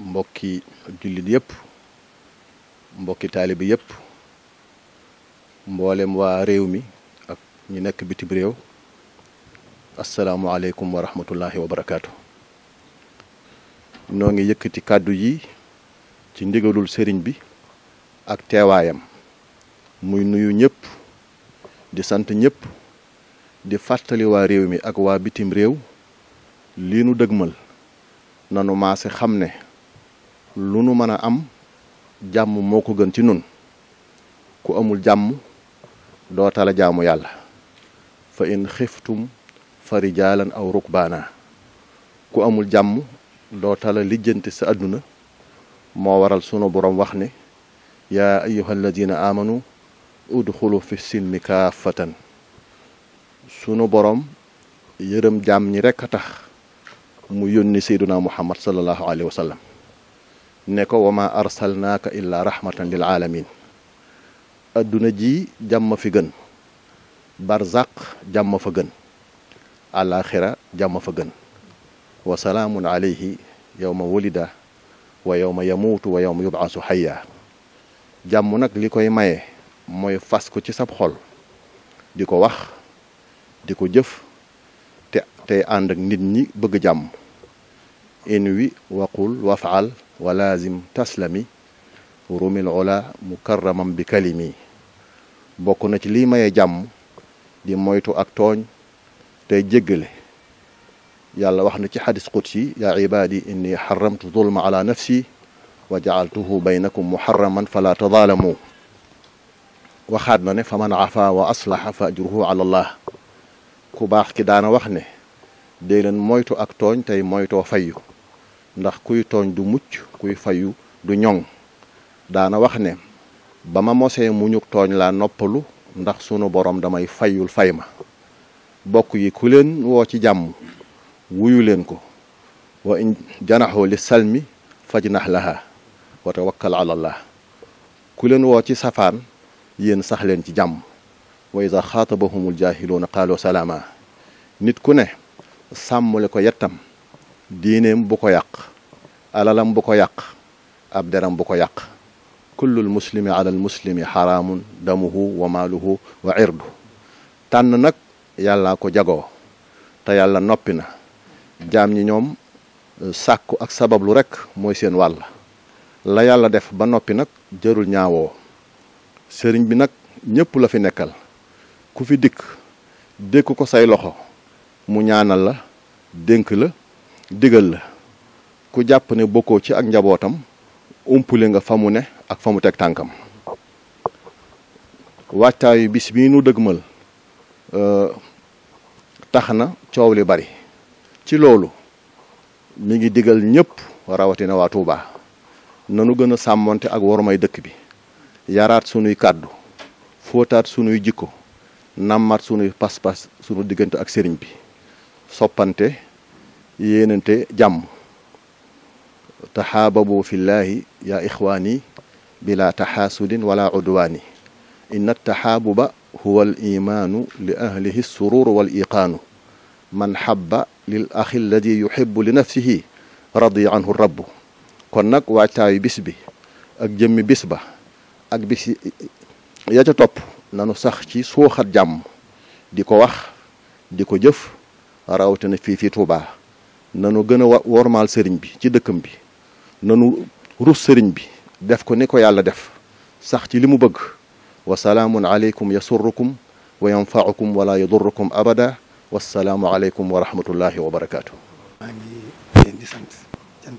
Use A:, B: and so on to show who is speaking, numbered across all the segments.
A: mbokki jullit yépp mbokki taalibe yépp mboolem waa réew mi ak ñu nekk bitim réew asalaamualeykum wa rahmatullahi wa barakaatu. noo ngi yëkkati kàddu yi ci ndigalul sëriñ bi ak teewaayam muy nuyu ñépp di sant ñépp di fàttali waa réew mi ak waa bitim réew lii nu dëgmal nanu maase xam ne lu nu mën a am jàmm moo ko gën ci nun ku amul jàmm doo tala jaamu yàlla fa in xiftum fa rijaalan aw rukbaana ku amul jàmm doo tala lijjante sa àdduna moo waral sunu borom wax ni yaa ayuha alladina amanu udxulu fi silmi kaafatan sunu borom yërëm jàmm ñi rekk a tax mu yónni seyduna muhammad sallallahu alayhi wa ne ko wa maa arsalnaaka illaa rahmatan lil aalamin adduna ji jàmm fi gën barzaq jàmm fa gën àllaaxira jàmm fa gën wa salaamun alayhi yowma wulida wa yowma yamuutu wa yowma yubaasu xayya jàmm nag li koy maye mooy fas ko ci sab xol di ko wax di ko jëf te tey ànd ak nit ñi bëgg jàmm in wi waqul wafaal walaazim taslami rumil ola mukarramam bi kalimi bokk na ci liy maye jàmm di moytu ak tooñ tey jéggale yàlla wax na ci xadis qudsi yaa ibaadi inni xaramtu zulma ala nafsi wa jacaltuhu baynakum muharraman fala tadaalamu waxaat na ne fa man afa wa aslaxa fa ajruhu ala allah ku baax ki daana wax ne dee leen moytu ak tooñ tey moytoo fayyu ndax kuy tooñ du mucc kuy fayu du ñoŋ daana wax ne ba ma mosee muñu tooñ laa noppalu ndax sunu boroom damay fayul fay ma bokk yi ku leen woo ci jàmm wuyu leen ko wa in janaxoo li salmi fajnax laha wa tawakkal ala la ku leen woo ci safaan yéen sax leen ci jàmm sax wa iza xaatabahumul jaahiluuna qaalu salaama nit ku ne sàmmule ko yettam diineem bu ko yàq alalam bu ko yàq ab deram bu ko yàq kullul muslimi ala al muslimi xaraamun damuhu wa maaluhu wa irdu tànn nag yàllaa ko jagoo te yàlla noppi na jaam yi ñoom sàkku ak sabablu rekk mooy seen wàll la yàlla def ba noppi nag jërul ñaawoo sëriñ bi nag ñépp la fi nekkal ku fi dikk dékk ko say loxo mu ñaanal la dénk la digal la ku jàpp ne bokkoo ci ak njabootam umpule nga fa mu ne ak fa mu teg tànkam waajtaayu bis bii nu dëgmal euh, tax na coow li bari ci loolu mi ngi digal ñëpp rawatina waa Touba nanu gën a sàmmonte ak wormay dëkk bi yaraat sunuy kàddu fóotaat sunuy jikko nàmmaat sunuy pas-pas sunu diggante ak sëriñ bi soppante yéenante jàmm taxaababu fillaahi yaa ixwaani bila taxaasudin wala udwaani inna taxaabuba huwa al imaanu li ahlihi suruur wal man xabba lil axi alladi yuxibu li nafsihi radiya anhu rabbu kon nag waajtaayu bis bi ak jëmmi bis ba ak bis ya ca topp nanu sax ci suuxat jàmm di ko wax di ko jëf rawatina fii fii Tuubaa nanu gën a wormaal sëriñ bi ci dëkkam bi nanu rus sëriñ bi def ko ni ko yàlla def sax ci li mu bëgg wa salaamun aleykum yasurrukum wa yanfaukum wala yadurrukum abada wasalaamu aleykum wa rahmatullahi wa barakaatu. maa ngi eh, eh,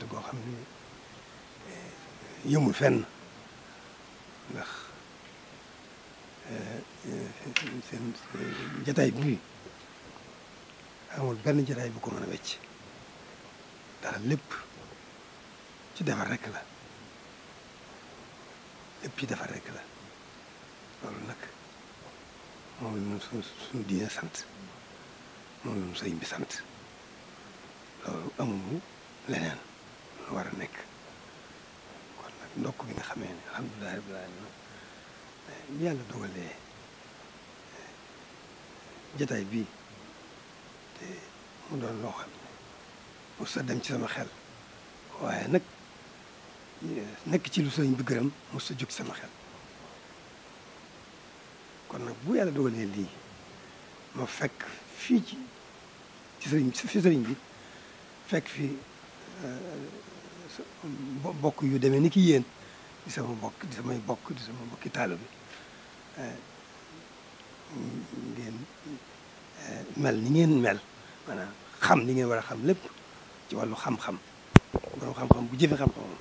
B: bu ko mën a wecc ndax lépp. ci defar rek la lépp ci defar rek la loolu nag moom la ñu suñu diine sant moom la ñu sëñ bi sant loolu amuñu leneen lu war a nekk kon nag ndokk bi nga xamee ne alhamdulilah rabbil alamin bi yàlla dogalee eh, jataay bii te mu doon loo xam ne mu sa dem ci sama xel waaye nag nekk ci lu sëriñ bi gërëm mos sa jóg sama xel kon nag bu yàlla dogalee lii ma fekk fii ci ci sëriñ fi bi fekk fi euh, bokk yu deme ni ki yéen di sama bokk di samay bokk di sama bokki taalo bi euh, ngeen euh, mel ni ngeen mel maanaam xam ni ngeen war a xam lépp ci wàllu xam-xam bu jëfe xam-xamam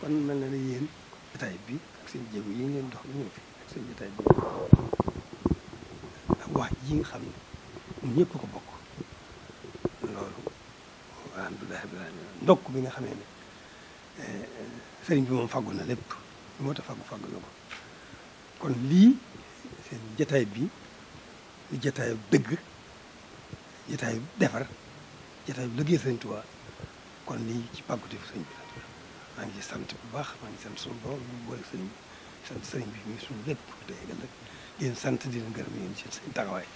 B: kon mel na ne yéen jotaay bi ak seen jéego yi ngeen dox ñëw fi ak seen jotaay bi wax ji nga xam ne ñëpp ko bokk loolu alhamdulilah rabbil alamin ndokk bi nga xamee ne eh, sëriñ bi moom faggu na lépp lu moo tax faggu faggu na ko kon lii seen jotaay bi lu jotaayu dëgg jotaayu defar jotaayu liggéey sëriñ Tuubaa kon lii ci pàggute fu sëriñ bi la maa ngi sant bu baax maa ngi sant suñu borom ñu boole sëriñ sant sëriñ bi muy suñu lépp tey ëllëg di leen sant di leen gërëm yéen ci seen taxawaay